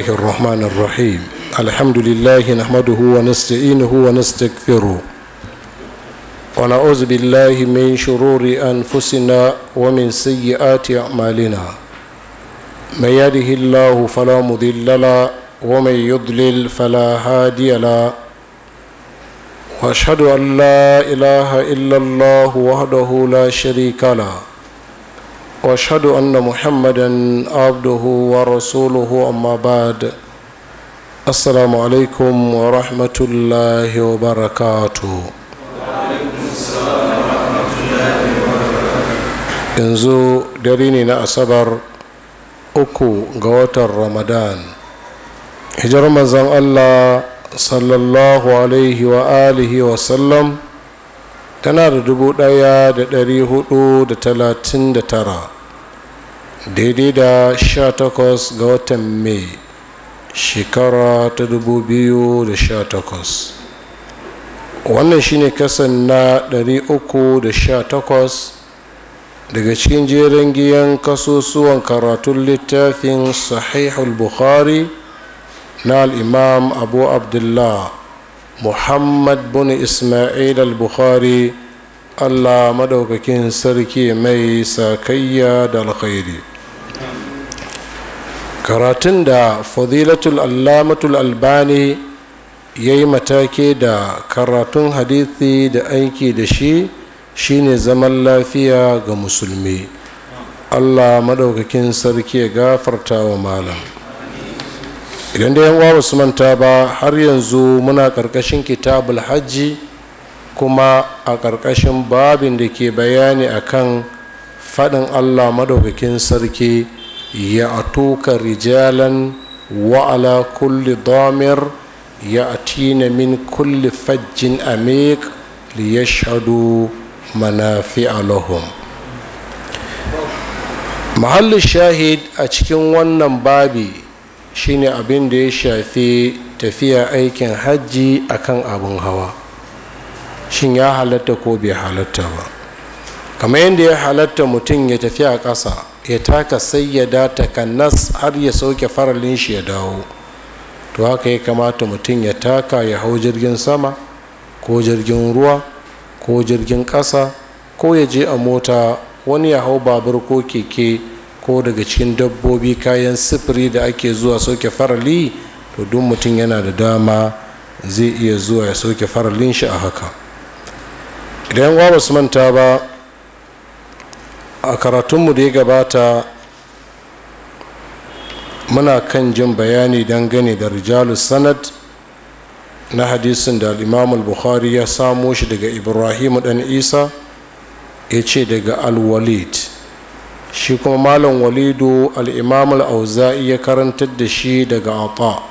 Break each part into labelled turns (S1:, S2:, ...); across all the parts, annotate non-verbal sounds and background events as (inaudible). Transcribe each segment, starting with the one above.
S1: الله الرحمن الرحيم الحمد لله نحمده ونستعينه ونستغفره ونعوذ بالله من شرور أنفسنا ومن سيئات أعمالنا من يده الله فلا مضل له ومن يضلل فلا هادي له واشهد أن لا إله إلا الله وحده لا شريك له واشهد ان محمدا عبده ورسوله اما بعد السلام عليكم ورحمه الله وبركاته yanzu dare ne na asabar uku ga watan ramadan hijar manzan allah sallallahu alaihi wa alihi wa sallam tana da dubu daya da dari hudu da talatin da tara daidai da sha takwas ga watan mai shekara ta dubu biyu da sha takwas wannan shine kasan na ɗari uku da sha takwas daga cikin jerin giyan kasusuwan karatun littafin sahihul bukhari na al'imam abu abdullah muhammad bin ismail al-bukhari allah madaukakin sarki mai sakayya da alkhairi karatun da fadilatul allamatul albani ya yi matake da karatun hadithi da aiki da shi shine zaman lafiya ga musulmi allah maɗaukakin sarki ya gafarta wa malam idan da yan su manta ba har yanzu muna ƙarƙashin kitabul hajji kuma a ƙarƙashin babin da ke bayani akan faɗin allah maɗaukakin sarki يأتوك رجالا وعلى كل ضامر يأتين من كل فج أميق ليشهدوا منافع لهم Muhallin shahid a cikin wannan babi shine abin da ya shafi tafiya aikin hajji akan abin hawa shin ya halatta ko bai halatta ba kamar yadda ya halatta mutum ya tafi a ƙasa ya taka sai ya sayyada kannas har ya sauke faralin shi ya dawo to haka ya kamata mutum ya taka ya hau jirgin sama ko jirgin ruwa ko jirgin ƙasa ko ya je a mota wani ya hau babur ko keke ko daga cikin dabbobi kayan sifiri da ake zuwa sauke farali to duk mutum yana da dama zai iya zuwa ya sauke faralin shi a haka idan wa manta ba a karatunmu da ya gabata muna kan jin bayani dangane da rijalus sanad na hadisin da imamul bukhari ya samo shi daga ibrahim dan isa ya ce daga al-walid shi kuma malam walidu al auzai ya karantar da shi daga ata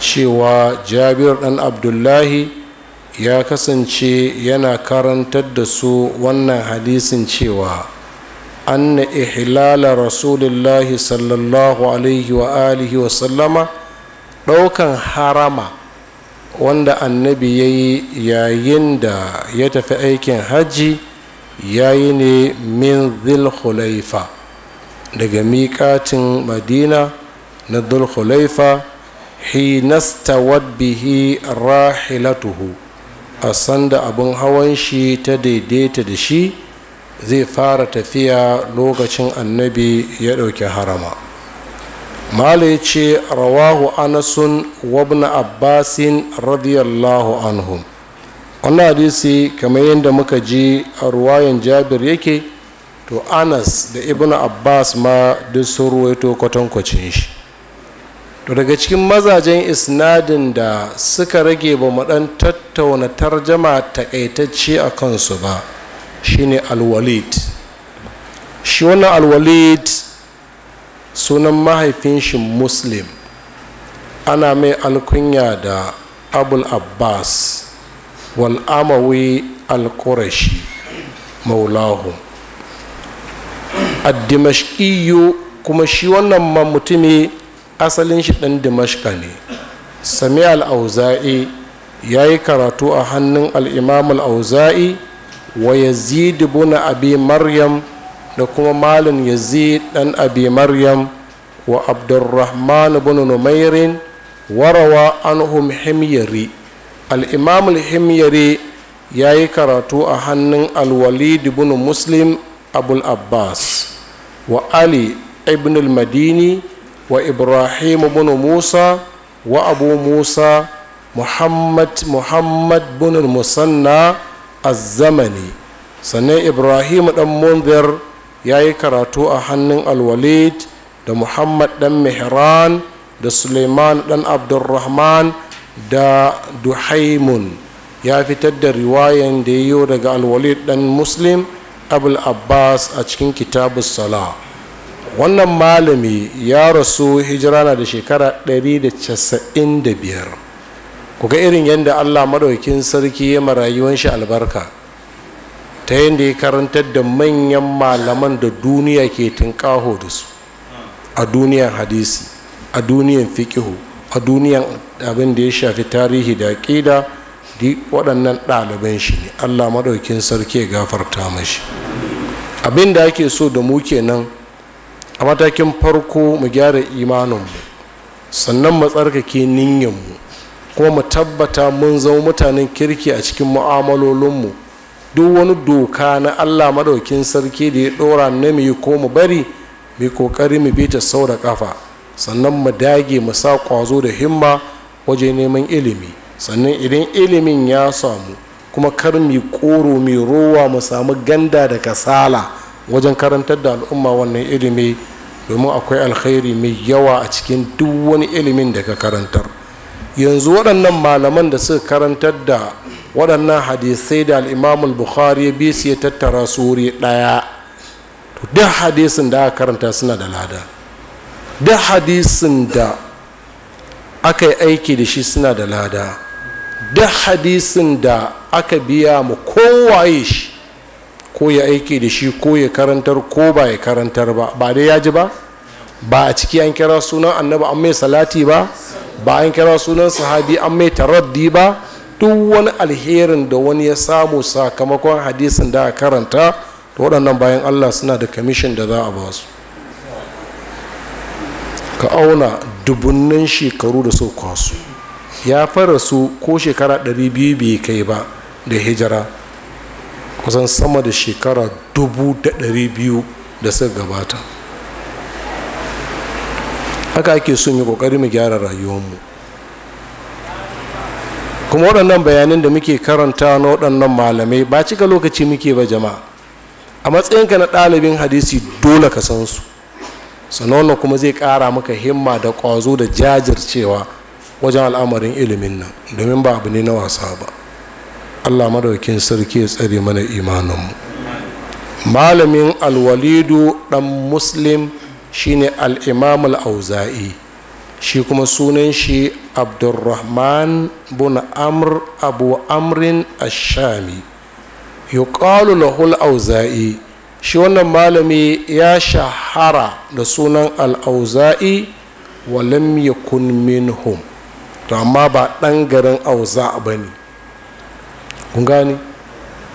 S1: cewa jabir dan abdullahi ya kasance yana karantar da su wannan hadisin cewa أن إحلال رسول الله صلى الله عليه وآله وسلم لو كان wanda annabi ya yi yayin da ya tafi aikin hajji ya yi ne min zulhulaifa daga miƙatin madina na zulhulaifa hinastawad bihi rahilatuhu a sanda abin hawan shi ta daidaita da shi zai fara tafiya lokacin annabi ya ɗauki harama mala ya ce rawahu anasun wabna abbasin radiyallahu anhu. wannan hadisi kamar yadda muka ji a ruwayan jabir yake to anas da ibn abbas ma duk sun ruwaito kwatankwacin shi to daga cikin mazajen isnadin da suka rage ba mu ɗan tattauna tarjama takaitacce a kansu ba shine alwalid shi wannan alwalid sunan mahaifin shi muslim ana mai alkunya da abul abbas wal amawi al-qurashi maulahu ad-dimashqiyu kuma shi wannan mutumi asalin shi ɗan dimashka ne sami al-auza'i ya yi karatu a hannun al-imam al-auza'i wa yazid ibn abi maryam da kuma malin yazid dan abi maryam wa abdurrahman ibn numairin warawa anhum himyari al-imam al-himyari yayi karatu a hannun al-walid ibn muslim abul abbas wa ali ibn al-madini wa ibrahim ibn musa wa abu musa muhammad muhammad ibn musanna az-zamani sannan ibrahim dan munzir ya yi karatu a hannun alwalid da muhammad dan mihran da suleiman dan abdulrahman da duhaimun ya fitar da riwayan da yiwu daga alwalid dan muslim abul abbas a cikin kitabu sala wannan malami ya rasu hijira na da shekara 195 ku ga irin yadda allah maɗaukin sarki ya marayuwan shi albarka ta yadda ya karantar da manyan malaman da duniya ke tunƙaho da su a duniyan hadisi a duniyan fikihu a duniyan abin da ya shafi tarihi da ƙida waɗannan ɗaliban shi ne allah maɗaukin sarki ya gafarta mashi abin da ake so da mu kenan a matakin farko mu gyara imaninmu sannan mu tsarkake mu. kuma mu tabbata mun zama mutanen kirki a cikin mu'amalolinmu duk wani doka na allah maɗaukin sarki da ya ɗora na mu yi ko mu bari mai kokari mu bi ta sau da kafa sannan mu dage mu sa ƙwazo da himma waje neman ilimi sannan idan ilimin ya samu kuma kar mu koro mu rowa mu samu ganda da kasala wajen karantar da al'umma wannan ilimi domin akwai alkhairi mai yawa a cikin duk wani ilimin da ka karantar yanzu waɗannan malaman da suka karantar da waɗannan hadisai da al'imamul bukhari ya bi su ya tattara su wuri ɗaya duk hadisin da aka karanta suna da lada duk hadisin da aka yi aiki da shi suna da lada duk hadisin da aka biya mu kowaye shi ko ya aiki da shi ko ya karantar ko ba ya karantar ba ba dai ya ji ba ba a ciki an kira sunan annabi an mai salati ba bayan kira sunan sahabi an mai taraddi ba duk wani alherin da wani ya samu sakamakon hadisin da a karanta da waɗannan bayan allah suna da kamishin da za a ba su ka auna dubunnan shekaru da so kwasu ya fara su ko shekara 200 bai kai ba da hijira kusan sama da shekara 200 da suka gabata haka ake so mu kokari mu gyara rayuwar mu kuma waɗannan bayanan da muke karanta na waɗannan malamai ba cika lokaci muke ba jama'a a matsayinka na ɗalibin hadisi dole ka san su sannan kuma zai ƙara maka himma da ƙwazo da jajircewa wajen al'amarin ilimin nan domin ba abu ne na wasa ba allah madaukin sarki ya tsare mana imaninmu malamin alwalidu ɗan muslim shine al-imam auzai shi kuma sunan shi abdurrahman bin amr abu amrin ashami yuqalu lahu al-auza'i shi wannan malami ya shahara da sunan al'auza'i auzai wa lam yakun minhum to amma ba ɗan garin auza ba ne kun gani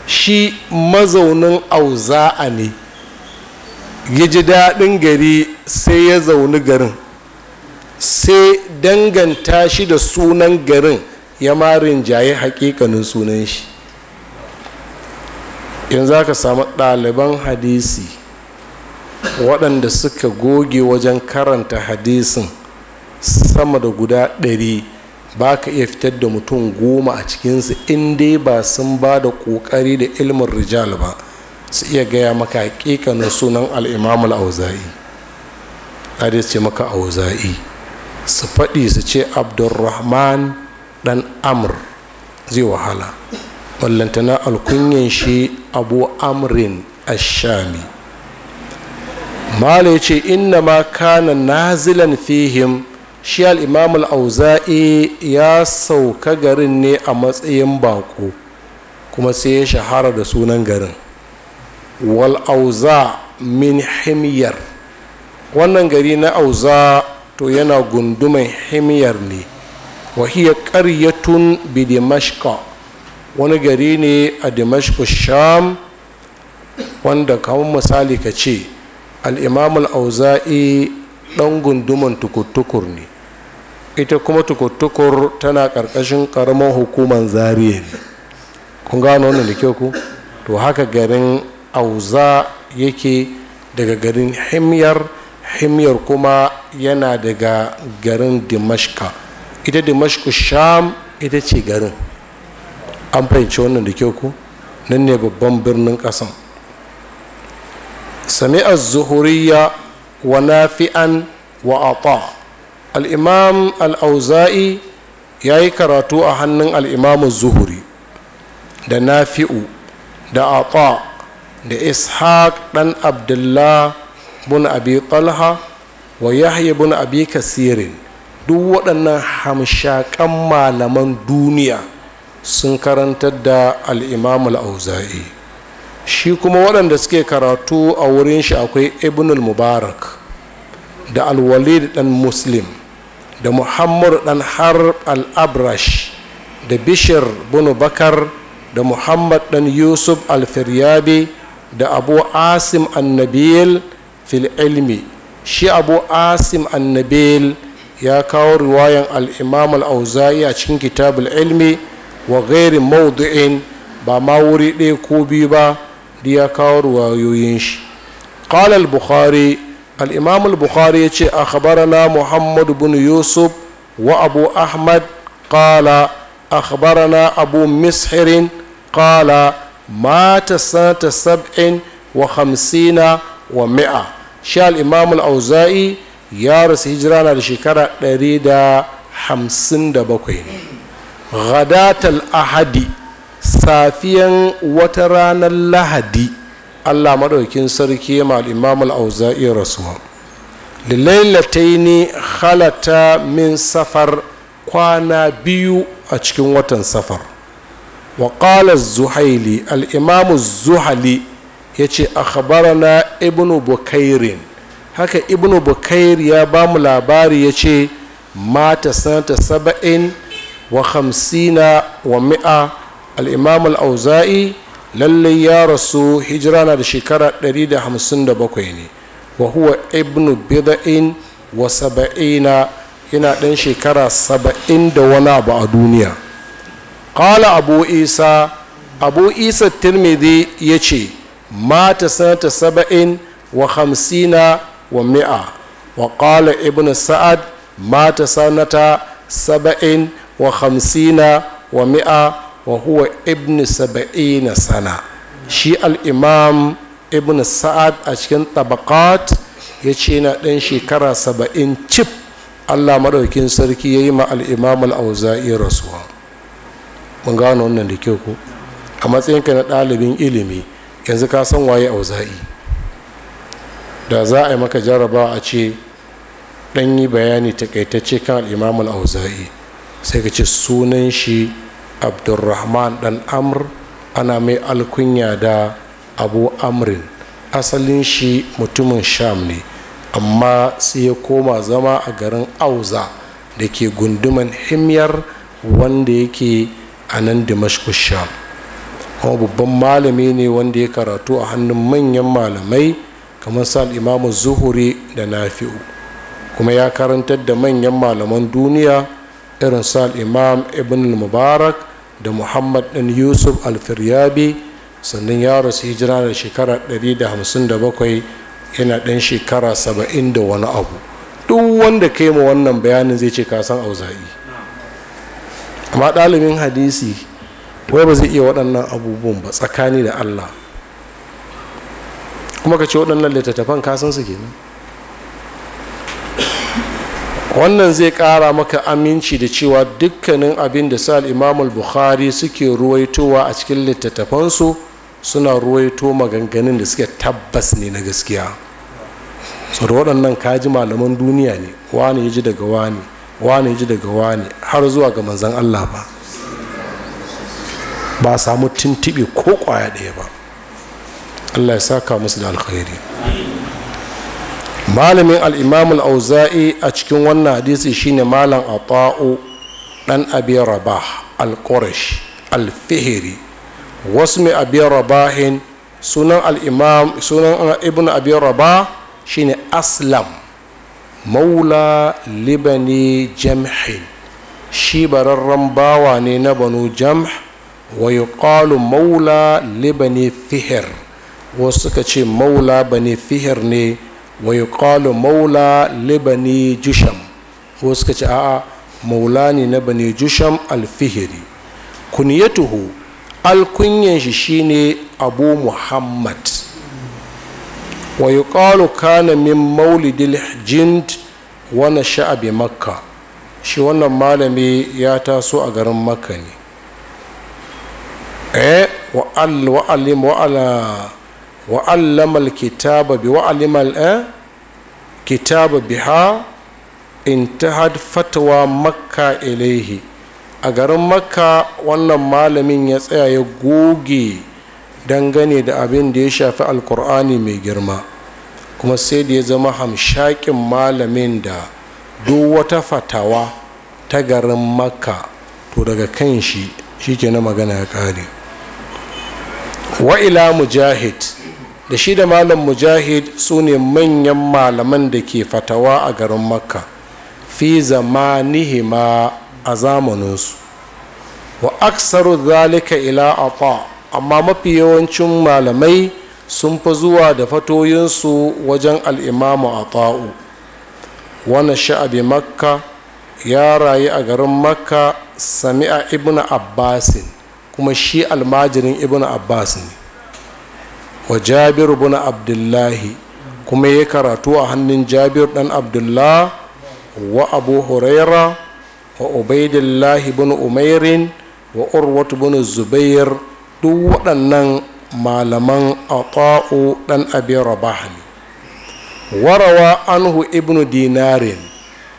S1: shi mazaunin auza'a ne ya ji daɗin gari sai ya zauni garin sai danganta shi da sunan garin ya marin jaye hakikanin sunan shi yanzu aka samu ɗaliban hadisi waɗanda suka goge wajen karanta hadisin sama da guda ɗari ba ka iya fitar da mutum goma a cikinsu in dai ba sun ba da ƙoƙari da ilmin rijal ba su iya gaya maka hakikanin sunan al'imamu al'auza'i hadis ce maka auza'i su faɗi su ce abdulrahman dan amr zai wahala ballantana alkunyan shi abu amrin ashami mala ya ce inna ma kana nazilan fihim shi al'imamu al'auza'i ya sauka garin ne a matsayin bako kuma sai ya shahara da sunan garin wal auza min himyar wannan gari na auza to yana gunduman himyar ne wahiyar ƙaryatun bi dimashqa wani gari ne a dimashqa sham wanda kamar misali ka ce al'imamul auza'i ɗan gunduman tukur ne ita kuma tukur tana ƙarƙashin ƙaramin hukumar zariya ne kun gano wannan da kyau ku to haka garin auza yake daga garin himyar himyar kuma yana daga garin dimashka ita dimashku sham ita ce garin an fahimci wannan da kyau ku nan ne babban birnin ƙasan Sami'ar zuhuriya wa nafi'an wa ata al'imam al'auza'i ya yi karatu a hannun al'imamun zuhuri da nafi'u da ata da ishaq ɗan abdullah bin abi talha wa yahya bin abi kasirin duk waɗannan hamshakan malaman duniya sun karantar da al'imam al'auza'i shi kuma waɗanda suke karatu a wurin shi akwai ibn al-mubarak da al-walid ɗan muslim da muhammad ɗan harb al-abrash da bishir bin bakar da muhammad ɗan yusuf al-firyabi da abu asim annabil fil ilmi shi abu asim annabil ya kawo riwayan al-imam al-auza'i a cikin kitabul ilmi wa ghairi mauduin ba ma wuri ɗaya ko biyu ba da ya kawo riwayoyin shi qala al-bukhari al-imam al-bukhari yace akhbarana muhammad ibn yusuf wa abu ahmad qala akhbarana abu mishirin qala mata sanata sab'in wa hamsina wa mi'a shi al'imam auzai ya rasu hijira na da shekara 157 bakwai. ghadatal ahadi safiyan wata ranar lahadi allah maɗaukin sarki ma al'imam al'auza'i rasuwa ne halata min safar kwana biyu a cikin watan safar wa qala zuhaili al-imamu zuhali ya ce akhbarana ibnu bukairin haka ibnu bukair ya bamu labari ya ce mata sanata saba'in wa hamsina wa mi'a al-imam auzai lallai ya rasu hijira na da shekara 157 ne wa huwa ibnu bida'in wa saba'ina yana ɗan shekara saba'in da wani abu a duniya qala abu isa abu isa tirmidhi ya ce mata sanata saba'in wa hamsina wa mi'a wa qala ibn sa'ad mata sanata saba'in wa hamsina wa mi'a wa huwa ibn saba'ina sana shi al'imam ibn sa'ad a cikin tabakat ya ce na ɗan shekara saba'in cif allah maɗaukin sarki ya yi ma al'imam al'auza'i rasuwa mun gano wannan da kyau ko a matsayinka na ɗalibin ilimi yanzu ka san waye auza'i da za a yi maka jaraba a ce ɗan yi bayani takaitacce kan al'imamul auza'i sai ka ce sunan shi abdulrahman dan amr ana mai alkunya da abu amrin asalin shi mutumin sham ne amma sai ya koma zama a garin auza da ke gunduman himyar wanda yake a nan dimashku sham kuma babban malami ne wanda ya karatu a hannun manyan malamai kamar sal imamu zuhuri da nafi'u kuma ya karantar da manyan malaman duniya irin sal imam ibn mubarak da muhammad ɗin yusuf alfiryabi sannan ya rasu hijira da shekara 157 yana ɗan shekara 70 da wani abu duk wanda kai ma wannan bayanin zai ce ka san auza'i amma ɗalibin hadisi wai ba zai iya waɗannan abubuwan ba tsakani da allah kuma ka ce waɗannan littattafan kasan su kenan wannan zai ƙara maka aminci da cewa dukkanin abin da sa imamul bukhari suke ruwaitowa a cikin littattafansu suna ruwaito maganganun da suke tabbas ne na gaskiya sau da waɗannan kaji malaman duniya ne wani ya ji daga wani wani ji daga wani har zuwa ga manzan allah ba ba samu tintibi ko kwaya ɗaya ba allah ya saka musu da alkhairi malamin al'imam auza'i a cikin wannan hadisi shine malam ata'u dan abi rabah al-qurash al-fihri wasu mai abi rabahin sunan al'imam sunan ibn abi rabah shine aslam maula libani jam'in shi bararren bawa ne na banu jam' wa yuqalu maula libani fihir wasu suka ce maula bani fihir ne wa yuqalu maula libani jusham wasu suka ce a'a maula ne na bani jusham alfihiri kunyatuhu alkunyan shi shine abu muhammad wa yuqalu kana min maulidil jind wani sha'abi makka shi wannan malami ya taso a garin makka ne eh wa'allim wa'ala wa'allamal eh, kitaba bi ha in ta biha intahad fatwa makka ilaihi a garin makka wannan malamin ya tsaya ya goge dangane da abin da ya shafi alkur'ani mai girma kuma sai da ya zama hamshakin malamin da duk wata fatawa ta garin makka to daga kan shi shi ke na magana ya kare wa'ila mujahid da shi da malam mujahid su ne manyan malaman da ke fatawa a garin makka fi zamanihima a zamaninsu wa aksaru zalika ila a amma mafi yawancin malamai sun fi zuwa da fatoyinsu wajen al'imamu a ta'u wani sha'abi makka ya rayu a garin makka sami'a ibn abbasin kuma shi almajirin ibn abbasin wa Jabiru ibn abdullahi kuma ya karatu a hannun Jabiru dan abdullah wa abu huraira wa ubaidillahi bin umairin wa urwatu bin zubair duk waɗannan malaman ata'u ɗan abi rabah ne warawa anhu ibnu dinarin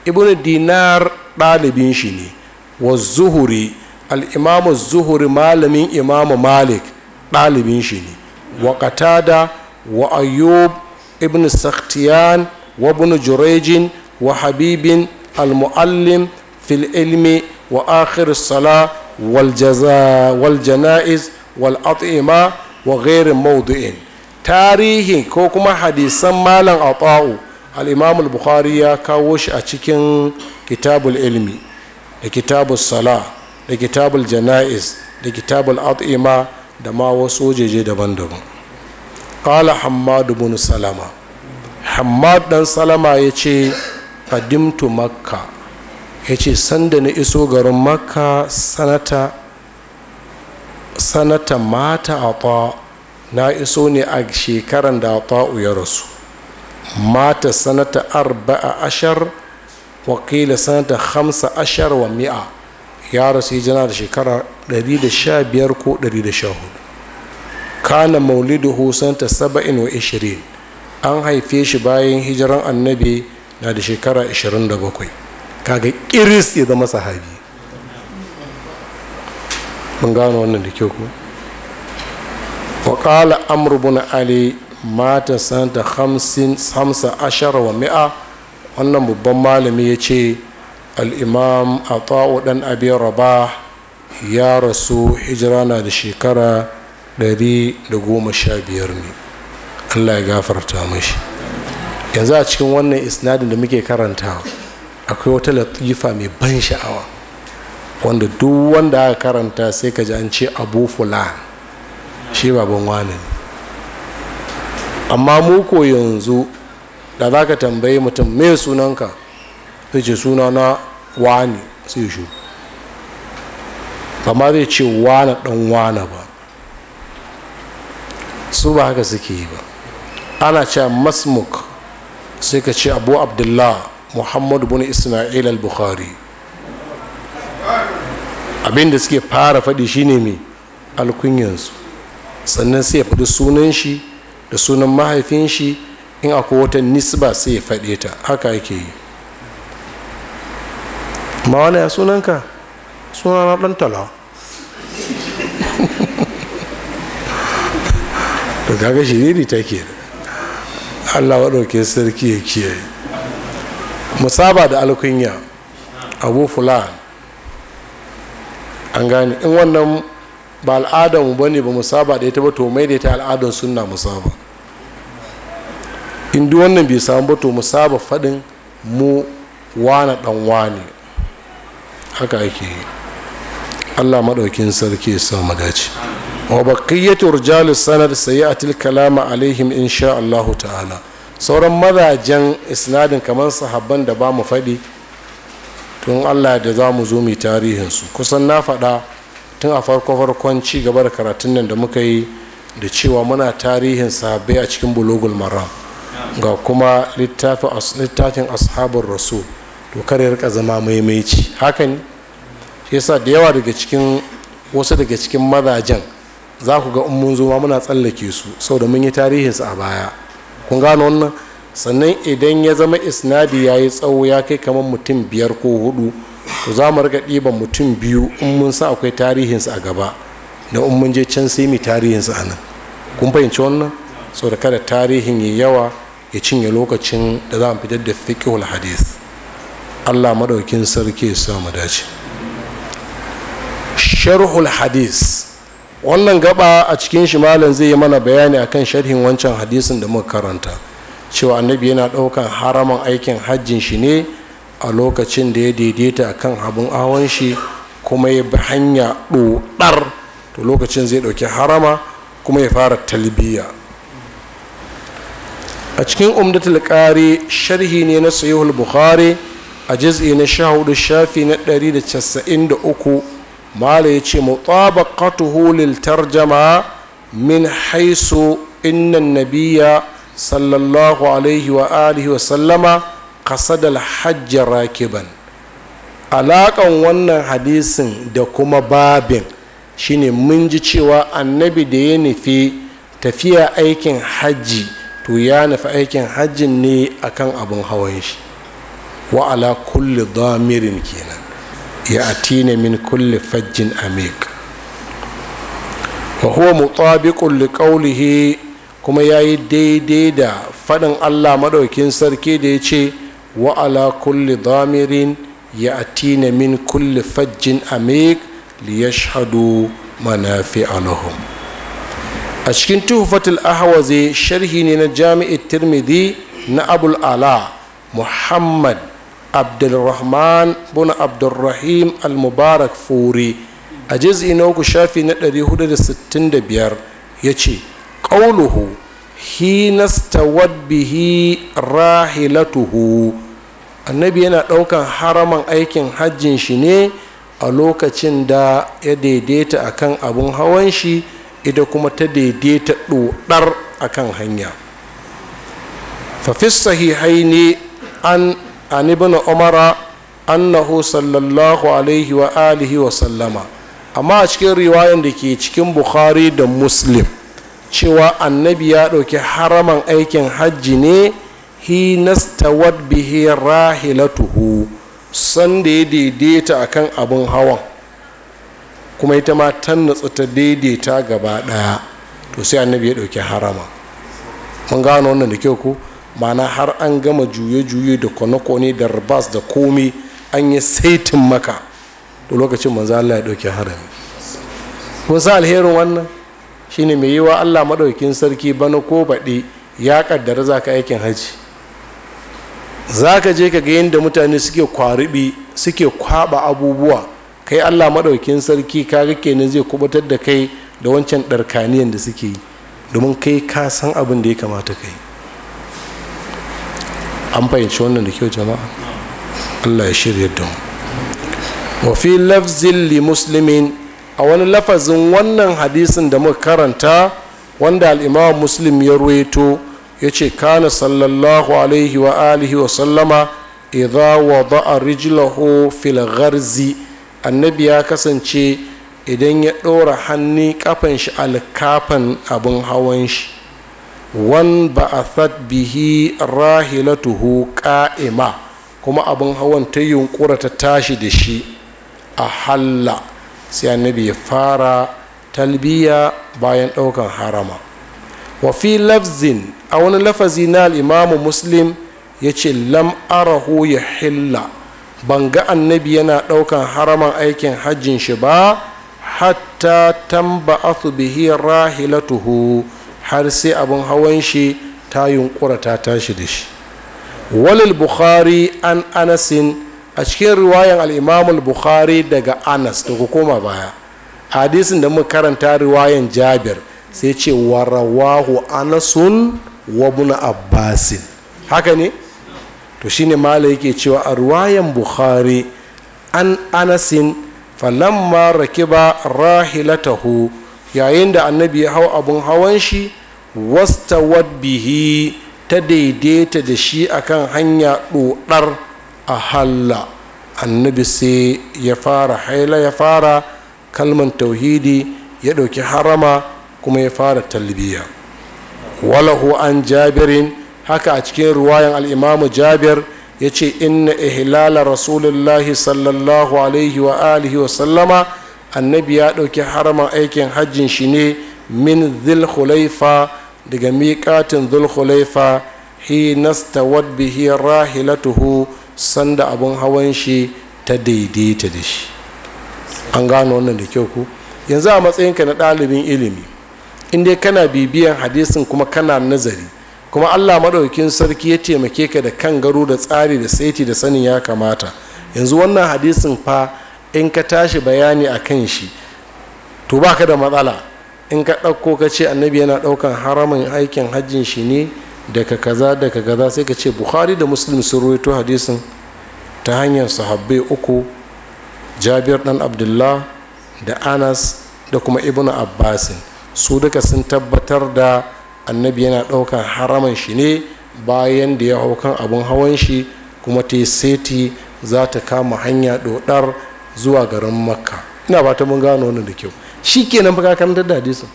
S1: ibnu dinar ɗalibin shi ne wa zuhuri al'imamu zuhuri malamin imamu malik ɗalibin shi ne wa qatada wa ayyub Ibnu saktiyan wa ibn jurejin wa habibin al-muallim fil ilmi wa akhir sala wal jana'iz wal at'ima wa gairin mauduin tarihi ko kuma hadisan malam ata'u al-imam al ya kawo shi a cikin kitabul ilmi da kitabul sala da kitabul janaiz da kitabul at'ima da ma wasu jeje daban-daban qala hammad ibn salama hammad dan salama ya ce qadimtu makka ya ce sanda na iso garin makka sanata sanata mata ata na iso ne a shekaran da ata'u ya rasu mata sanata arba'a ashar wakila sanata hamsa ashar wa mi'a ya rasu jana da shekara 115 ko 114 kana maulidu sanata saba'in wa ishirin an haife shi bayan hijiran annabi na da shekara 27 kaga kiris ya zama sahabi mun gano wannan da kyau ku wa qala amru bin ali mata santa samsa ashara wa mi'a wannan babban malami ya ce al a ata'u dan abi raba ya rasu hijira na da shekara 115 ne Allah ya gafarta mashi yanzu a cikin wannan isnadin da muke karanta akwai wata latifa mai ban sha'awa wanda duk wanda aka karanta sai ka ji an ce abu fulan shi baban wani amma mu yanzu da za ka tambayi mutum me sunanka zai ce suna na wani sai shi ma zai ce wana dan wana ba su ba haka suke yi ba ana cewa masmuk sai ka ce abu abdullah muhammadu bin isma'il al-bukhari abin da suke fara faɗi shine mai alkunyansu sannan sai ya faɗi sunan shi da sunan mahaifin shi in akwai wata nisba sai ya faɗe ta haka yake yi ma wani ya sunanka suna na ɗan talawa (laughs) to kaga ne ta ke allah waɗauke sarki ya kiyaye musaba da alkunya abu fulan an gane in wannan ba al'adar mu bane ba mu saba da ita ba to mai da ita al'adar sunna mu saba in wannan bai samu ba to mu saba faɗin mu wane dan wane haka ake yi allah maɗaukin sarki ya samu dace wa bakiyyatu rijalis sanad sayatil kalama alaihim insha allahu ta'ala sauran mazajen isnadin kamar sahabban da ba mu faɗi tun allah da za mu zo mu tarihinsu kusan na faɗa tun a farko farkon ci gaba da karatun nan da muka yi da cewa muna tarihin sahabbai a cikin bulogul maram ga kuma littafin ashabar rasul to kare rika zama maimaici hakan shi yasa da yawa daga cikin wasu daga cikin mazajen za ku ga mun zo muna tsallake su saboda mun yi tarihinsu a baya kun gano wannan sannan idan ya zama isnadi ya yi tsawo ya kai kamar mutum biyar ko hudu to za mu riga ɗiban mutum biyu in mun sa akwai tarihinsu a gaba da in mun je can sai mu tarihinsu a nan kun fahimci wannan saboda kada tarihin ya yawa ya cinye lokacin da za mu fitar da fiqhul hadis. Allah madaukin sarki ya sa mu dace sharhul hadis. wannan gaba a cikin shi malam zai yi mana bayani akan sharhin wancan hadisin da muka karanta cewa annabi yana ɗaukan haraman aikin hajjin shi ne a lokacin da ya daidaita kan abin awon shi kuma ya bi hanya ɗoɗar to lokacin zai ɗauki harama kuma ya fara talbiya a cikin umdatul ƙari sharhi ne na sahihul bukhari a jiz'i na sha hudu shafi na ɗari da casa'in da uku mala ya ce mutabaqatuhu lil tarjama min haisu innan nabiya sallallahu alaihi wa alihi wa sallama kasadal hajjar rakiban alaƙan wannan hadisin da kuma babin shine mun ji cewa annabi da ya nufi tafiya aikin hajji to ya nufi aikin hajjin ne akan abin hawan shi wa ala kulli damirin kenan ya atina min kulli fajjin amik wa huwa mutabiqun li qawlihi kuma ya yi daidai da faɗin allah maɗaukin sarki da ya ce wa'ala kulli damirin ya atina min kulli fajjin amik liyashhadu manafi alahum a cikin tuhufatul ahawaze sharhi ne na jami'i tirmidhi na abul ala muhammad abdulrahman bin abdulrahim al-mubarak furi a jiz'i na uku shafi na 465 ya ce ƙaunuhu hinastawad bihi rahilatuhu annabi yana ɗaukan haraman aikin hajjin shi ne a lokacin da ya daidaita akan abin hawan shi idan kuma ta daidaita ɗoɗar akan hanya fafis sahihai ne an anibin umara annahu sallallahu alaihi wa alihi wa sallama amma a cikin riwayan da ke cikin bukhari da muslim cewa annabi ya ɗauki haraman aikin hajji ne hinastawad bihi rahilatuhu sanda ya daidaita akan abin hawan kuma ita ma tan nutsu ta daidaita gaba ɗaya to sai annabi ya ɗauki harama mun gano wannan da kyau ko mana har an gama juye-juye da kone-kone da rabas da komi an yi saitin maka to lokacin manzo Allah ya ɗauki harami kun sa alherin wannan shine mai yiwa allah maɗaukin sarki bana ko baɗi ya ƙaddara za ka aikin hajji za ka je ka ga yadda mutane suke kwaribi suke kwaba abubuwa kai allah maɗaukin sarki kaga kenan zai kubutar da kai da wancan ɗarkaniyan da suke yi domin kai ka san abin da ya kamata kai an fahimci wannan da kyau jama'a allah ya shirya don wafi lafzin li muslimin a wani lafazin wannan hadisin da muka karanta wanda al'imam muslim ya ruwaito ya ce kana sallallahu alaihi wa alihi wa sallama idha wada'a rijlahu fil gharzi annabi ya kasance idan ya ɗora hannu kafan shi alkafan abin hawan shi wan ba'athat bihi rahilatuhu ka'ima kuma abin hawan ta yunkura ta tashi da shi a halla sai annabi ya fara talbiya bayan ɗaukan harama wa fi lafzin a wani lafazi na al'imamu muslim ya ce lam ya hilla ban ga annabi yana ɗaukan haraman aikin hajjin shi ba hatta tamba bihi rahilatuhu har sai abin hawan shi ta yunkura ta tashi da shi walil bukhari an anasin a cikin riwayan al'imamul bukhari daga anas da koma baya hadisin da muka karanta riwayan jabir sai ce warawahu anasun wa buna abbasin haka ne to shine mala yake cewa a riwayan bukhari an anasin falamma rakiba rahilatahu yayin da annabi ya hau abin hawan shi wasta bihi ta daidaita da shi akan hanya ɗoɗar a halla annabi sai ya fara haila ya fara kalman tauhidi ya ɗauki harama kuma ya fara talbiya walahu an jabirin haka a cikin ruwayan al'imamu jabir ya ce inna ihlala rasulullahi sallallahu alaihi wa alihi wa sallama annabi ya ɗauki haraman aikin hajjin shi ne min zulhulaifa daga miƙatin zulhulaifa hi wadda bihi rahilatuhu sanda abun hawan shi ta daidaita da shi an gano wannan da kyau ku yanzu a matsayinka na ɗalibin ilimi in dai kana bibiyan hadisin kuma kana nazari kuma allah maɗaukin sarki ya taimake ka da kan garo da tsari da saiti da sanin ya kamata yanzu wannan hadisin fa in ka tashi bayani a kan shi to baka da matsala in ka ɗauko ka ce annabi yana ɗaukan haramin aikin hajjin shi ne daga kaza daga kaza sai ka ce bukhari da muslim sun ruwaito hadisin ta hanyar sahabbai uku jabir dan abdullah da anas da kuma ibn abbasin su duka sun tabbatar da annabi yana ɗaukar haraman shi ne bayan da ya hau kan abin hawan shi kuma ta seti za ta kama hanya dodar zuwa garin makka ina ba ta mun gano wannan da kyau shi kenan fa ka da hadisin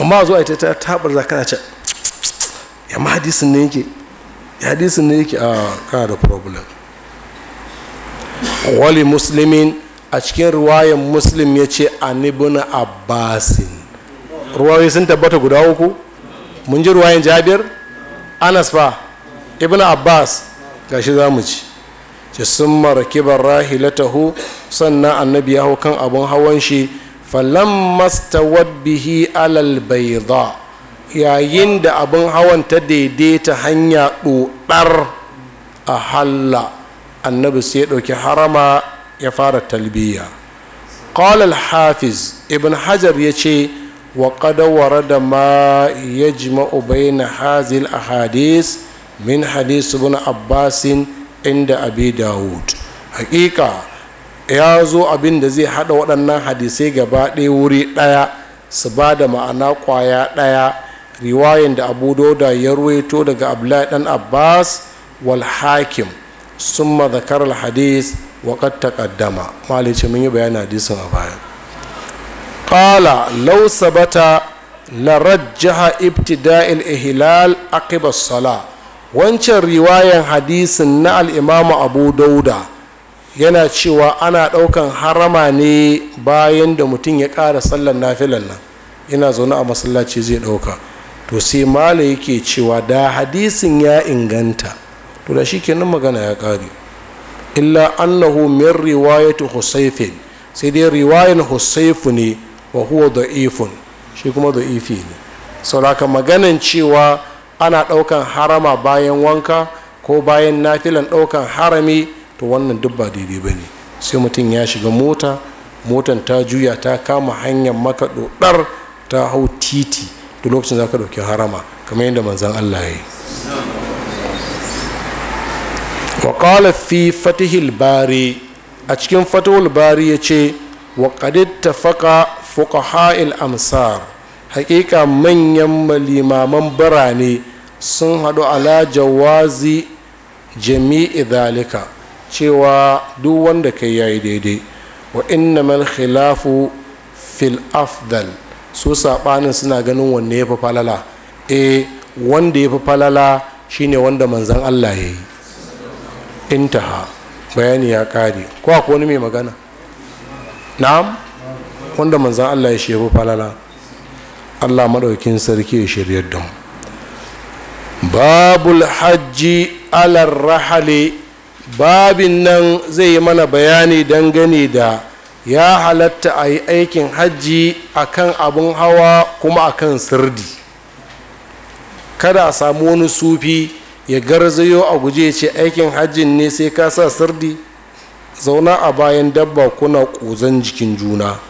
S1: amma zuwa ita ta tabar za ka ce ya ma hadisin ne yake ya hadisin ne yake a kana da problem wali muslimin a cikin ruwayan muslim ya ce anibin abbasin ruwayoyi sun tabbata guda uku mun ji ruwayan jabir anas fa ibn abbas gashi za mu ci ce sun mara kibar rahilatahu sannan annabi ya hau kan abin hawan shi falammastawat bihi alal bayda yayin da abin hawan ta daidaita hanya ɗoɗar a halla annabi sai ya ɗauki harama ya fara talbiya qala hafiz ibn hajar ya ce wa qad da ma yajma'u bayna hazil ahadis min hadis ibn abbasin inda abi dawud haƙiƙa ya zo abin da zai hada waɗannan hadisai gaba ɗaya wuri ɗaya su ba da ma'ana ƙwaya ɗaya riwayan da abu dauda ya ruwaito daga abdullahi dan abbas wal hakim sun mazakar hadis wa qad taqaddama malice mun yi bayanin hadisin a baya qala law sabata la rajjaha ibtida'il ihlal aqiba salah wancan riwayan hadisin na al abu dauda yana cewa ana ɗaukan harama ne bayan da mutum ya ƙara sallar nafilan nan ina zaune a masallaci zai ɗauka to sai mala yake cewa da hadisin ya inganta to da shi kenan magana ya ƙare illa annahu min riwayatu husayfin sai dai riwayan husayfu ne wa huwa da'ifun shi kuma da'ifi ne sauraka maganan cewa ana ɗaukan harama bayan wanka ko bayan nafilan ɗaukan harami to wannan duk ba daidai ba ne sai mutum ya shiga mota motan ta juya ta kama hanyar maka ɗar ta hau titi da lokacin za ka ɗauki harama kamar yadda manzan allah ya yi wa fi fatihil bari a cikin fatihul bari ya ce wa ta faka fuqaha'il amsar hakika manyan malimaman birane sun haɗu ala jawazi jami'i zalika cewa duk wanda kai yayi daidai wa innamal khilafu fil afdal su sabanin suna ganin wanne ya fi falala e wanda ya fi falala shine wanda manzan Allah ya yi intaha bayani ya kare ko akwai wani mai magana na'am wanda manzan Allah ya shebu falala Allah maɗaukin sarki ya shiryar da babul hajji alar rahali babin nan zai yi mana bayani dangane da ya halatta a yi aikin hajji a kan abin hawa kuma a kan sirdi kada a samu wani sufi ya garzayo a guje ce aikin hajjin ne sai ka sa sirdi zauna a bayan dabba kuna ƙuzan jikin juna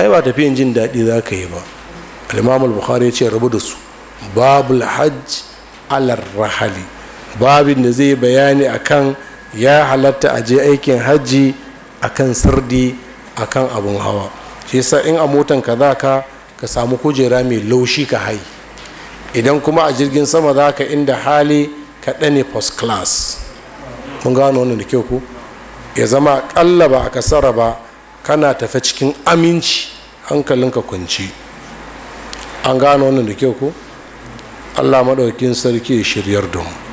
S1: ai ba tafiyan jin daɗi za ka yi ba alimamul bukhari ya ce rabu da su babul hajj alar rahali babin da zai bayani akan ya halatta a je aikin hajji akan sirdi akan abun hawa shi yasa in a motan ka za ka ka samu kujera mai laushi ka hai idan kuma a jirgin sama za ka inda hali ka ɗane first class mun gano wannan da kyau ku ya zama ƙalla ba a kasara ba kana tafe cikin aminci hankalinka kunci an gano wannan da kyau ku allah maɗaukin sarki ya shiryar domin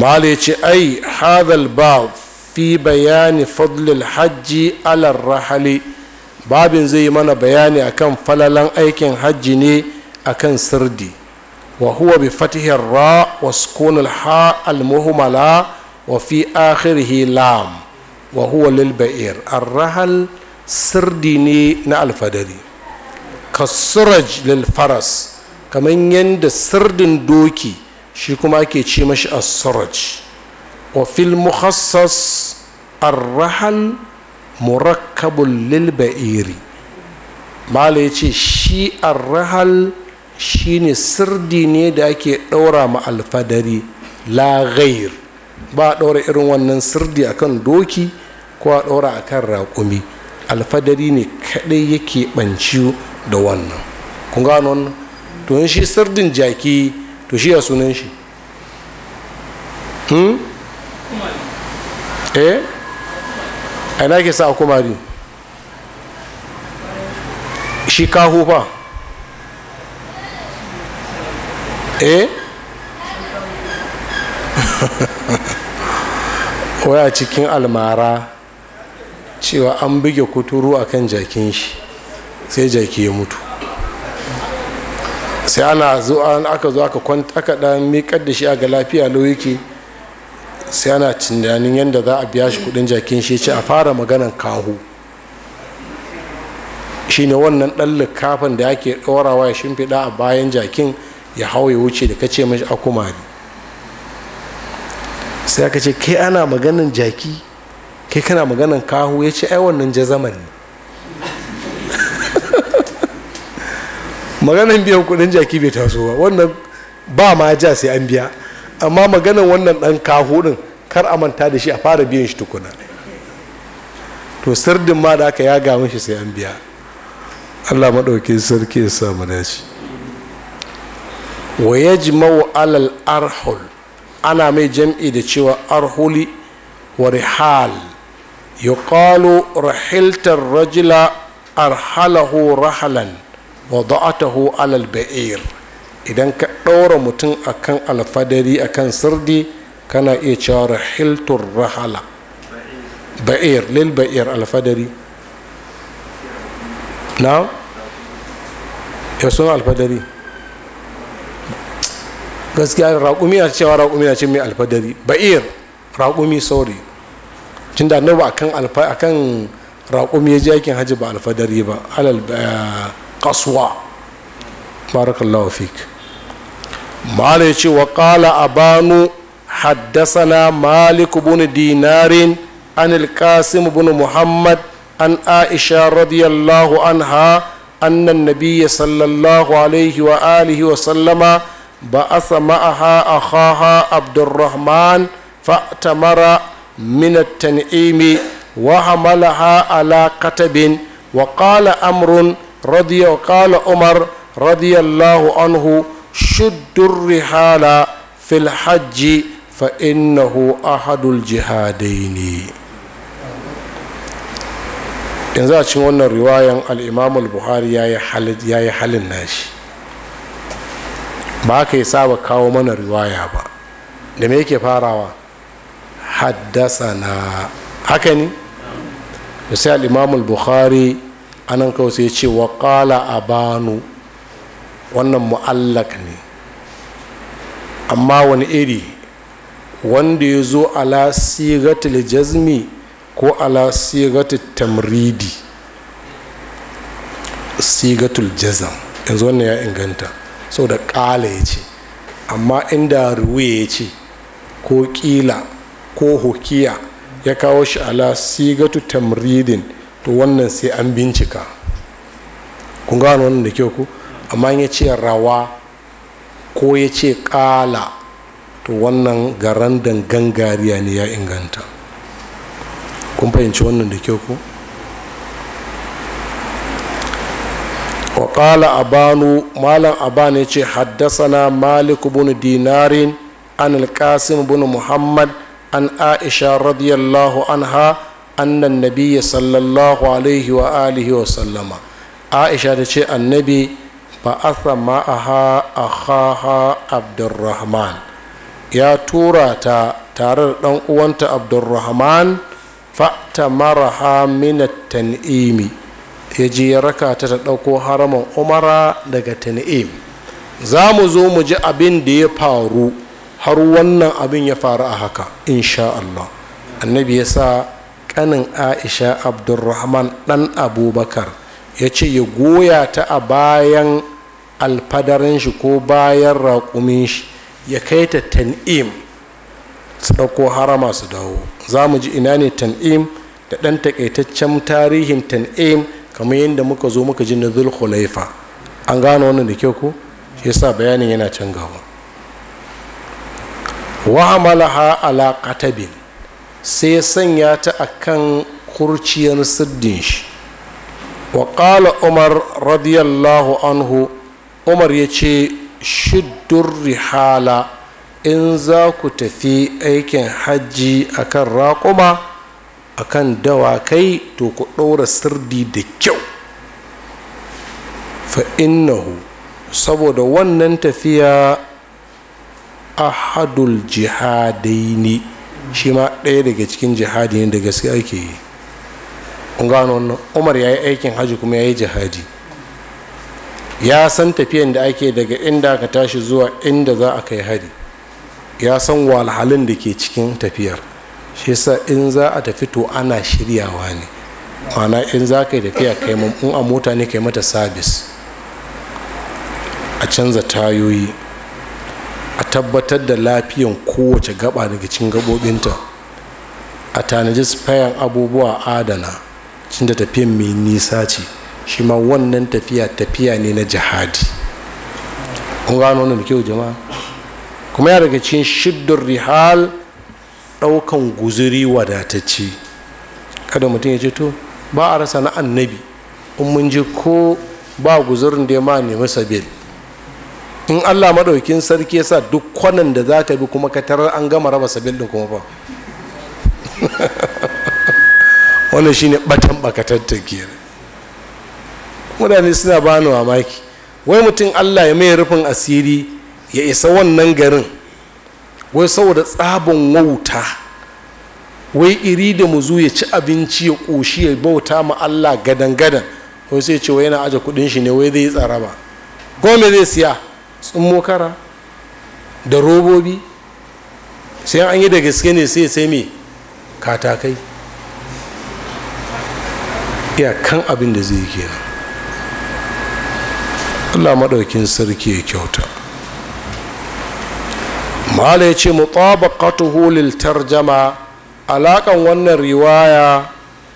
S1: mala ce ai hadal ba fi bayani fadlil hajji alar rahali babin zai yi mana bayani akan falalan aikin hajji ne akan sirdi wa huwa bi fatihin ra wa sukunul ha almuhmala wa fi akhirihi lam wa lil ba'ir arrahal sirdi ne na alfadari kasuraj lil faras kamar yadda sirdin doki shi kuma ake ce mashi as-saraj wa fil mukhassas ar-rahal murakkabul lil ba'iri mala yace shi ar-rahal shine sirdi ne da ake daura ma alfadari la ghair ba a ɗaura irin wannan sirdi akan doki ko a ɗaura akan raƙumi alfadari ne kaɗai yake ɓanci da wannan kun gano non to shi sirdin jaki to shi ya sunan shi hmm? eh a ina ke sa a kumari shi kahu hufa eh (laughs) waya cikin almara cewa an buge kuturu a kan jakin shi sai jaki ya mutu sai ana zo an aka zo aka kwanta aka dan miƙar da shi a ga lafiya lo yake sai ana tunanin yadda za a biya shi kudin jakin shi ce a fara maganan kahu shi ne wannan ɗan likafin da ake ɗorawa ya shimfiɗa a bayan jakin ya hau ya wuce da kace mashi ne. sai aka ce kai ana maganan jaki kai kana maganan kahu ya ce ai wannan jazamani. maganan biyan kudin jaki bai taso ba wannan ba ma ja sai an biya amma maganan wannan dan kaho din kar a manta da shi a fara biyan shi tukuna to sirdin ma da aka yaga shi sai an biya allah maɗauki sarki ya sa samu dace wa yajma'u alal arhul ana mai jam'i da cewa arhuli wa rihal yuqalu rahiltar rajula arhalahu rahalan wada'atahu alal ba'ir idan ka ɗaura mutum akan alfadari akan sirdi kana iya cewa hiltun rahala ba'ir lil ba'ir alfadari na ya suna alfadari gaskiya raƙumi na cewa raƙumi na ce mai alfadari ba'ir raƙumi sauri tun da annabi akan akan raƙumi ya ji aikin hajji ba alfadari ba alal eh, kasuwa barakallahu fik mala ya waƙala wa kala abanu haddasana malik bin dinarin an alkasim bin muhammad an aisha radiyallahu anha annan nabiya sallallahu alaihi wa alihi wa sallama بعث معها أخاها عبد الرحمن فأتمر من التنعيم وحملها على كتب وقال أمر رضي قال عمر رضي الله عنه شد الرحال في الحج فإنه أحد الجهادين a cikin wannan riwayan al'imamul buhari ya yi halin nashi ba kai saba kawo mana riwaya ba da me yake farawa haddasa na haka ne sai al'imamul buhari anan kawai sai ce wa kala a banu wannan mu'allak ne amma wani iri wanda ya zo ala sigatul jazmi ko ala sigatul tamridi sigatul jazam yanzu wannan ya inganta sau da kala ya ce amma inda ruwe ya ce ko kila ko hukiya ya kawo shi ala sigatul tamridin to wannan sai an bincika kun gano wannan da kyau ku amma ya ce rawa ko ya ce kala to wannan garan gangariya ne ya inganta kun fahimci wannan da kyau ku wa kala abanu malam aban ya ce na maliku bunu dinarin an alkasim bunu muhammad an aisha radiyallahu anha annan nabiyya sallallahu alaihi wa wa sallama aisha ta ce annabi ba asa ma'aha akhaha abdurrahman ya tura ta tare da ɗan uwanta abdurrahman fa'ta maraha minat tan'imi ya ji ya raka ta ta ɗauko haramin umara daga tan'im za mu zo mu ji abin da ya faru har wannan abin ya faru a haka insha annabi ya sa kanin aisha abdurrahman dan abubakar ya ce ya goya ta a bayan alfadarin shi ko bayan raƙumin shi ya kai ta tan'im su ɗauko harama su dawo za mu ji ina ne tan'im da ɗan takaitaccen tarihin tan'im kamar yadda muka zo muka ji na zulhulaifa an gane wannan da kyau ko shi yasa bayanin yana can gaba wa amalaha ala qatabin sai ya sanya ta a kan kurciyar siddin shi wa ƙala umar radiyallahu anhu umar ya ce shiddur rihala in za ku tafi aikin hajji a akan raƙuma kan dawakai to ku ɗaura sirdi da kyau fa'innahu saboda wannan tafiya ahadul jihadai ne shi ma ɗaya daga cikin jihadi ne da gaske ake yi kun gano wannan umar ya yi aikin hajji kuma ya yi jihadi ya san tafiyan da ake daga inda aka tashi zuwa inda za a kai hari ya san walhalin da ke cikin tafiyar shi sa in za a tafi to ana shiryawa ne mana in za ka yi tafiya kai in a mota ne kai mata sabis a canza tayoyi a tabbatar da lafiyan kowace gaba daga cikin gabobinta a tanaji fayan abubuwa adana cin da tafiyan mai nisa ce shi ma wannan tafiya tafiya ne na jihadi kun gano wannan kyau kuma ya daga cikin shiddun rihal daukan guzuri wadatacce kada mutum ya ce to ba a rasa na annabi in mun ji ko ba guzurin da ya ma nemi sabil in allah maɗaukin sarki ya sa duk kwanan da za ka bi kuma ka tarar an gama raba sabil ɗin kuma ba (laughs) wannan shine batan bakatattar kenan mutane suna bani mamaki wai mutum allah ya mai rufin asiri ya isa wannan garin wai saboda tsabon wauta wai iri da muzu ya ci abinci ya ƙoshi ya bauta ma allah gadan-gadan wai sai ce wai yana aje kudin shi ne wai zai yi tsara ba gome zai siya tsummo kara da robobi sai an yi da gaske ne sai sai mai katakai iyakan abin da zai nan. allah maɗaukin sarki ya kyauta mala ya ce mutabaqatuhu lil tarjama alaƙan wannan riwaya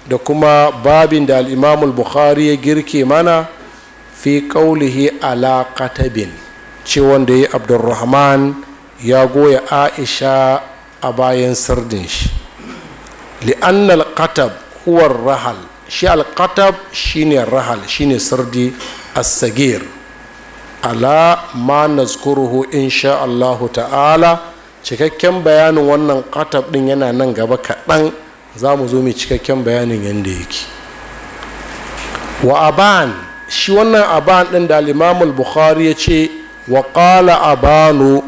S1: da kuma babin da al'imamul bukhari ya girke mana fi qawlihi ala ce wanda ya abdurrahman ya goya aisha a bayan sardin shi li'annal qatab huwar rahal shi alqatab shine rahal shine sardi as-sagir ala ma nazkuruhu insha Allah ta'ala cikakken bayanin wannan katab din yana nan gaba kaɗan za mu zo mai cikakken bayanin yadda yake wa aban shi wannan aban din da al bukhari ya ce wa qala abanu